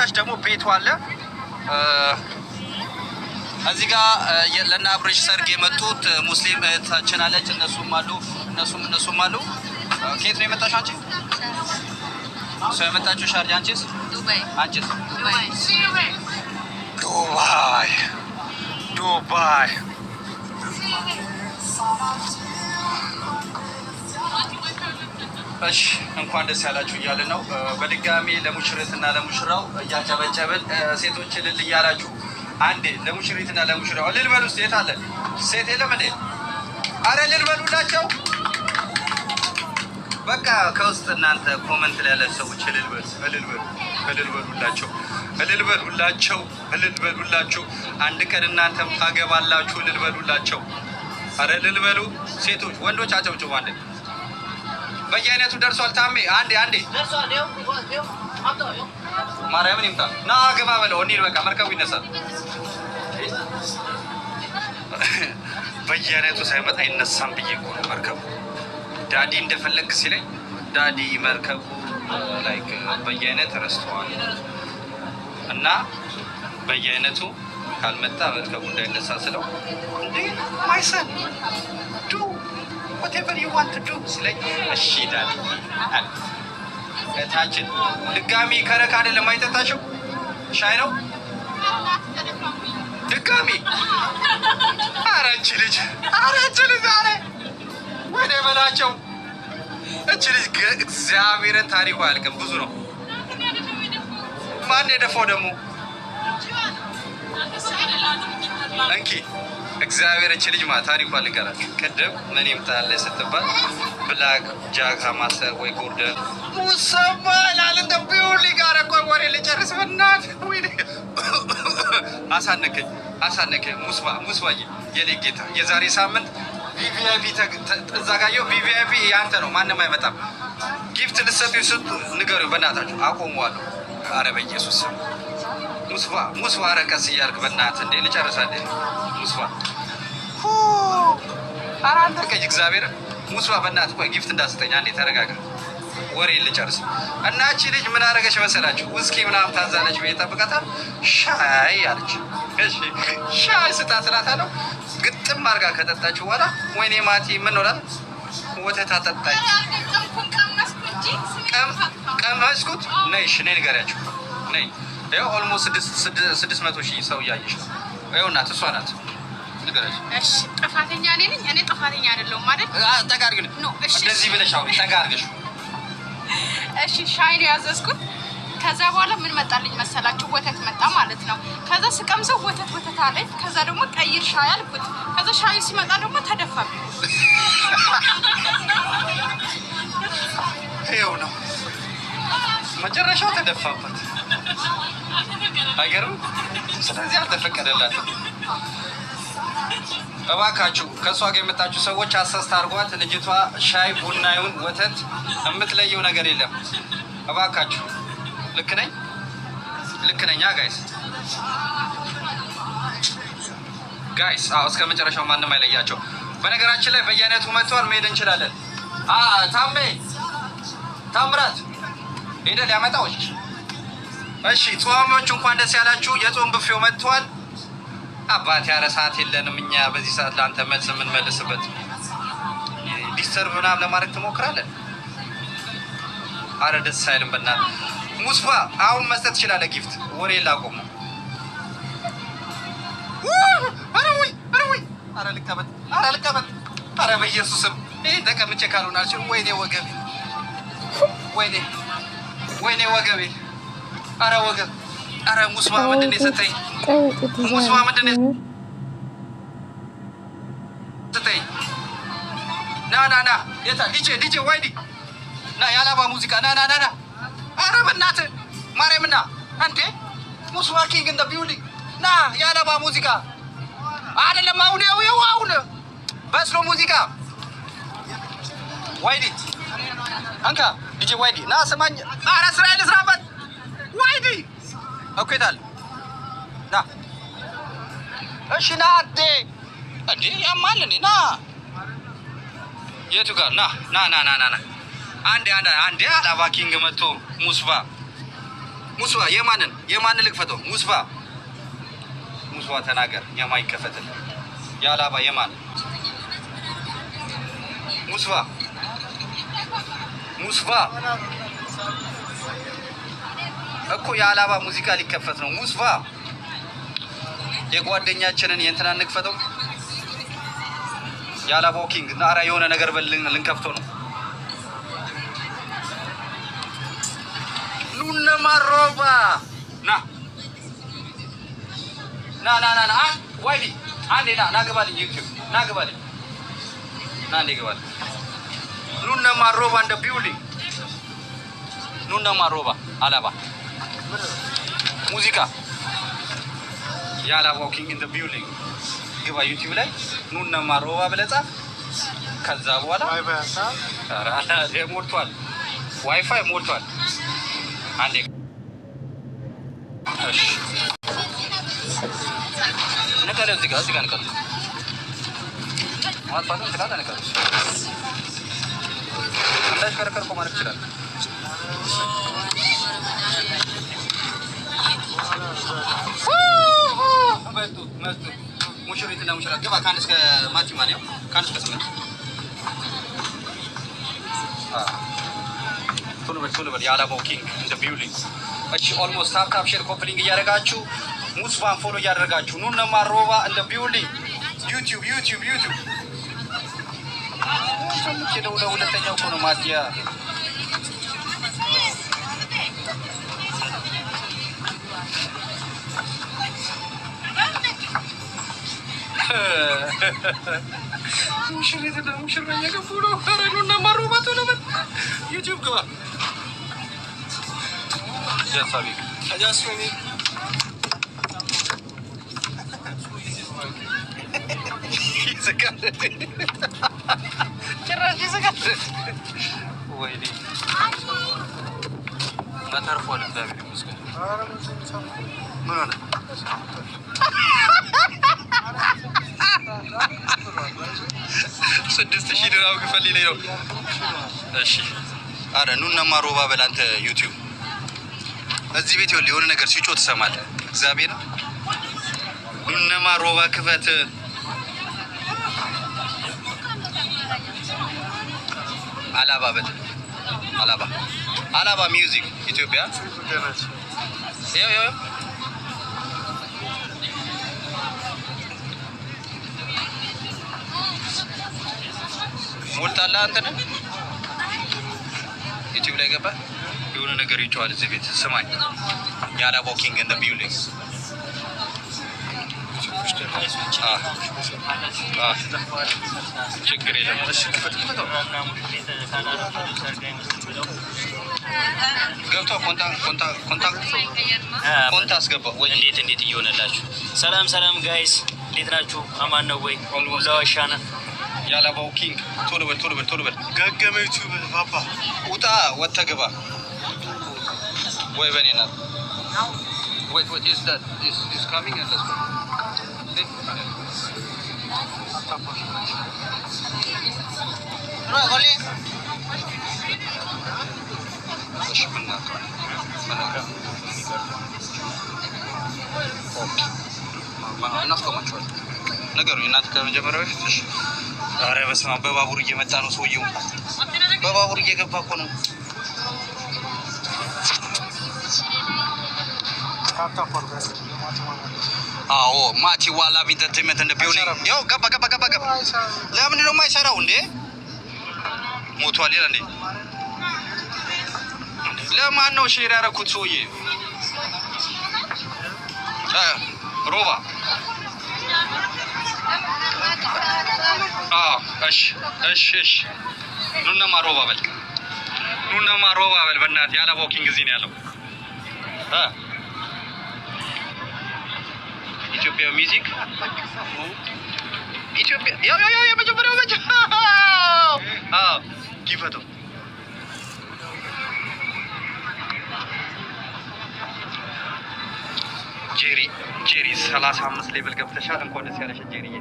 ከታች ደግሞ ቤቱ አለ። እዚህ ጋር ለና አብሬሽ ሰርግ የመጡት ሙስሊም እህታችን አለች። እነሱም አሉ እነሱም እነሱም አሉ። ከየት ነው የመጣሽ አንቺ? ሰው የመጣችሁ ሻርጅ። አንቺስ? አንቺስ? ዱባይ ዱባይ እሺ እንኳን ደስ ያላችሁ እያለ ነው። በድጋሚ ለሙሽሪትና ለሙሽራው እያጨበጨብን ሴቶች እልል እያላችሁ አንዴ ለሙሽሪትና ለሙሽራው እልል በሉ። ሴት አለ ሴት የለም እንዴ? አረ እልል በሉላቸው። በቃ ከውስጥ እናንተ ኮመንት ላይ ያላችሁ ሰዎች እልል በሉ፣ እልል በሉ፣ እልል በሉላቸው፣ እልል በሉላቸው፣ እልል በሉላቸው። አንድ ቀን እናንተም ታገባላችሁ። እልል በሉላቸው። አረ እልል በሉ ሴቶች፣ ወንዶች አጨብጭቡ በየአይነቱ ደርሷል። ታሜ አንዴ አንዴ ማርያምን ይምጣ ና ግባ በለው እንሂድ። በቃ መርከቡ ይነሳል። በየአይነቱ ሳይመጣ ይነሳም ብዬ እኮ ነው። መርከቡ ዳዲ እንደፈለግ ሲለኝ ዳዲ መርከቡ ላይ በየአይነት ረስተዋል እና በየአይነቱ ካልመጣ መርከቡ እንዳይነሳ ስለው እንዴ ማይሰን ዱ ወቴቨር ዩ ዋንት ዱ ስለኝ እሺ ዳድ ታችን ድጋሚ ከረካ አይደለም አይጠጣሽው ሻይ ነው ድጋሚ ኧረ አንቺ ልጅ ኧረ አንቺ ልጅ ኧረ ወደ በላቸው እቺ ልጅ እግዚአብሔርን ታሪኩ አያልቅም ብዙ ነው ማን የደፋው ደግሞ እንኪ እግዚአብሔር እች ልጅ ማ ታሪኳን ልንገራችሁ። ቅድም ምን ይምታለ ስትባል ብላክ ጃክ ሀማሰ ወይ ጎርደን ሙሰባላል እንደ ቢውሊ ጋር እኮ ወሬ ልጨርስ ብናት አሳነከኝ አሳነከኝ። ሙስባ ሙስባዬ የኔ ጌታ የዛሬ ሳምንት ቪቪአይፒ ተዘጋየው። ቪቪአይፒ ያንተ ነው፣ ማንም አይመጣም። ጊፍት ልሰጡ ስጡ ንገሩ፣ በእናታችሁ አቆመዋለሁ። አረ በኢየሱስ ስም ሙስፋ ሙስፋ ረቀስ እያልክ በእናትህ እንዴ ልጨርሳ እንዴ ሙስፋ ኧረ አንተ ቀይ እግዚአብሔር ሙስፋ በእናትህ ቆይ ጊፍት እንዳስጠኛ እንዴ ተረጋጋ ወሬ ልጨርስ እናቺ ልጅ ምን አደረገች መሰላችሁ ውስኪ ምናምን ታዛለች ብዬ ጠብቃታል ሻይ አለች እሺ ሻይ ስጣት እላታለሁ ግጥም አድርጋ ከጠጣችሁ በኋላ ወይኔ ማቲ ምን ነው እላለሁ ወተት አጠጣች ቀመስኩት ነይ እሺ ነይ ንገሪያችሁ ነይ ያው ስድስት መቶ ሺህ ሰው እያየች ነው። ይኸው እናት እሷ ናት። እሺ ሻይን ያዘዝኩት። ከዛ በኋላ ምን መጣልኝ መሰላችሁ? ወተት መጣ ማለት ነው። ከዛ ስቀምሰው ወተት ወተት አለ ከዛ ደግሞ ቀይር ሻይ አልኩት። ከዛ ሻይ ሲመጣ ደግሞ ተደፋብኝ። ነው መጨረሻው፣ ተደፋበት አይገርም። ስለዚህ አልተፈቀደላትም። እባካችሁ ከእሷ ጋር የመጣችሁ ሰዎች አሰስት አድርጓት። ልጅቷ ሻይ ቡናዩን ወተት የምትለየው ነገር የለም። እባካችሁ ልክ ነኝ፣ ልክ ነኝ ጋይስ ጋይስ። አዎ እስከ መጨረሻው ማንም አይለያቸው። በነገራችን ላይ በየአይነቱ መጥተዋል። መሄድ እንችላለን። ታሜ ታምራት ሄደ ሊያመጣዎች እሺ ጾሞቹ እንኳን ደስ ያላችሁ። የጾም ብፌው መጥቷል። አባት ያረ ሰዓት የለንም እኛ በዚህ ሰዓት ለአንተ መልስ የምንመልስበት ዲስተርብ ምናምን ለማድረግ ትሞክራለን። አረ ደስ አይልም። በእናትህ ሙስፋ አሁን መስጠት ትችላለህ። ጊፍት ወሬ ላቆሙ አረ ልቀበጥ፣ አረ ልቀበጥ፣ አረ በኢየሱስም ይህ ተቀምጬ ካልሆናችሁ ወይኔ ወገቤ፣ ወይኔ ወይኔ ወገቤ አረ ወገን፣ አረ ሙስማ ምንድን የሰጠኝ? ሙስማ ምንድን የሰጠኝ? ና ና ና፣ የታ ዲጄ ዲጄ ዋይዲ ና፣ የአላባ ሙዚቃ ና ና ና ና። አረ በእናትህ ማርያምና እንዴ ሙስማ ኪንግ እንደ ቢውሊንግ ና፣ የአላባ ሙዚቃ አይደለም። አሁን ያው ያው አሁን በስሎ ሙዚቃ ዋይዲ አንካ ዲጄ ዋይዲ ና፣ ስማኝ። አረ ስራ ልስራበት ወይኔ እኮ የት ና እሺ፣ ና አዴ እንዴ፣ ያማል እንዴ? ና የቱ ጋር ና ና ና ና ና አንዴ አንዴ አንዴ አላባ ኪንግ መጥቶ ሙስፋ ሙስፋ የማንን የማንን ልክፈተው? ሙስፋ ሙስፋ ተናገር። የማ ይከፈትል የአላባ የማን ሙስፋ ሙስፋ እኮ የአላባ ሙዚቃ ሊከፈት ነው። ሙስፋ የጓደኛችንን የእንትና እንክፈተው። የአላባው ኪንግ ናራ የሆነ ነገር በልን ልንከፍተው ነው። ሉነ ማሮባ ና ና ና ና ና ዋይዲ አንዴ ና ና ግባልኝ፣ ዩቲዩብ ና ግባልኝ፣ ና አንዴ ግባልኝ። ሉነ ማሮባ እንደ ቢውልዲንግ ሉነ ማሮባ አላባ ሙዚቃ ያላ ዋኪንግ ኢን ዘ ቢልዲንግ ግባ ዩቲዩብ ላይ ኑና ማሮባ ብለጻ። ከዛ በኋላ ዋይፋይ ሞልቷል፣ ዋይፋይ ሞልቷል። አንዴ ንቀለው፣ እዚህ ጋር እዚህ ጋር ንቀለው፣ ማጥፋት ትላለ ንቀለው። እንዳሽከረከር እኮ ማለት ይችላል ሙሽሪትና ሙሽራ ገባ። ከአንድ እስከ ማቲማ ነው። ከአንድ እስከ ስምንት ቶሎ በል ቶሎ በል። የአላማው ኪንግ እንደ ቢውሊንግ እሺ። ኦልሞስት ታፕታፕ ሼር ኮፕሊንግ እያደረጋችሁ ሙስፋን ፎሎ እያደረጋችሁ ኑ ነማ ሮባ እንደ ቢውሊንግ ዩቲዩብ ዩቲዩብ ዩቲዩብ ሁለተኛው ነው ማቲያ ሙሽሪት እና ሙሽራ እየገፉ ነው። ረኑና ማሩባቱ ነው። ዩቲዩብ ግባ ተርፎ ስድስት ሺህ ድራም ክፈል ይለኝ ነው። እሺ፣ አረ ኑናማ ሮባ በላንተ ዩቲዩብ እዚህ ቤት ይኸውልህ፣ የሆነ ነገር ሲጮህ ትሰማለህ። እግዚአብሔር ኑናማ ሮባ ክፈት። አላባ በል አላባ፣ አላባ ሚውዚክ ኢትዮጵያ ሞልታለህ አንተ ነህ ዩቲዩብ ላይ ገባ የሆነ ነገር ይጮሃል እዚህ ቤት ስማኝ ያላ ቦኪንግ እንደ ቢውሊንግ ችግር የለም ገብቶ አስገባው እንዴት እንዴት እየሆነላችሁ ሰላም ሰላም ጋይስ እንዴት ናችሁ አማን ነው ወይ ሁላዋሻና يلا بوكينج تولو بل تولو بل تولو بل جاكا ميتوب بابا وتا واتا جبا وي بني نات Wait, what is that? Is is coming at us? ما انا اسكت ما شو نقدر ينادك من جمره ኧረ በስመ አብ በባቡር እየመጣ ነው ሰውየው። በባቡር እየገባ እኮ ነው። አዎ ማቲ ዋላ ኢንተርቴንመንት እንደ ቢሆን ያው ገባ ገባ ገባ ገባ። ለምንድን ነው የማይሰራው እንዴ? ሞቷል ይላል እንዴ? ለማን ነው ሼር ያደረኩት ሰውዬ? ሮባ ኑነማ ሮባ በል ኑነማ ሮባ በል በእናትህ ያለ ቦኪንግ እዚህ ነው ያለው። ኢትዮጵያ ሚዚክ ኢትዮጵያ ጄሪ ጄሪ 35 ሌብል ገብተሻል። እንኳን ደስ ያለሽ ጄሪዬ።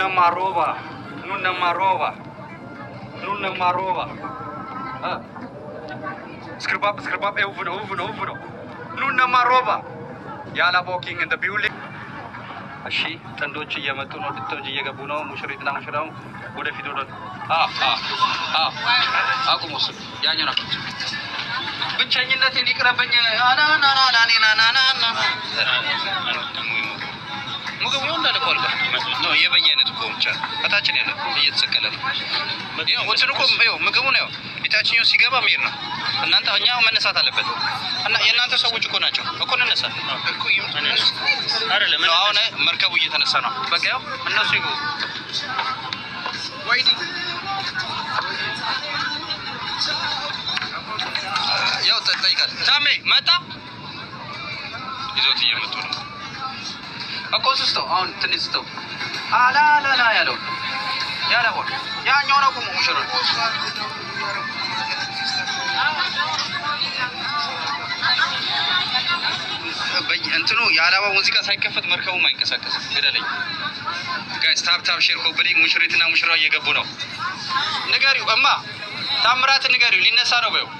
nama roba nun nama roba nun nama roba ah. Skribab, skribab, eh, uvuno, uvuno, uvuno. Nun nama roba. Yala walking in the building. እሺ ጥንዶች እየመጡ ነው። ድቶች እየገቡ ነው። ሙሽሪትና ሙሽራው ወደፊት ወደ አቁሙ። እሱ ያኛው ናቸው። ብቸኝነቴን ይቅረበኝ። ናናናናኔ ናናናና ምግብ ነው እንዳለ ቆርባ ነው የበየነት እኮ ብቻ ከታችን እየተሰቀለ ነው። ያው እኮ ነው ምግቡ ነው የታችኛው ሲገባ መሄድ ነው። እናንተ እኛ መነሳት አለበት እና የእናንተ ሰዎች እኮ ናቸው እኮ እንነሳ እኮ አይደለም። አሁን መርከቡ እየተነሳ ነው። በቃ ያው እነሱ ወይዲ ያው ታሜ መጣ ይዞት እየመጡ ነው እኮ ስተው አሁን ትንሽ ስተው አላላላ ያለው ያለ ሆን ነው ቁሙ ሙሽሩ እንትኑ የአላባ ሙዚቃ ሳይከፈት መርከቡም አይንቀሳቀስም። ግደለኝ ጋይስ፣ ታፕ ታፕ ሼር ኮብሪ። ሙሽሪትና ሙሽራ እየገቡ ነው። ንገሪው እማ ታምራት ንገሪው፣ ሊነሳ ነው በይው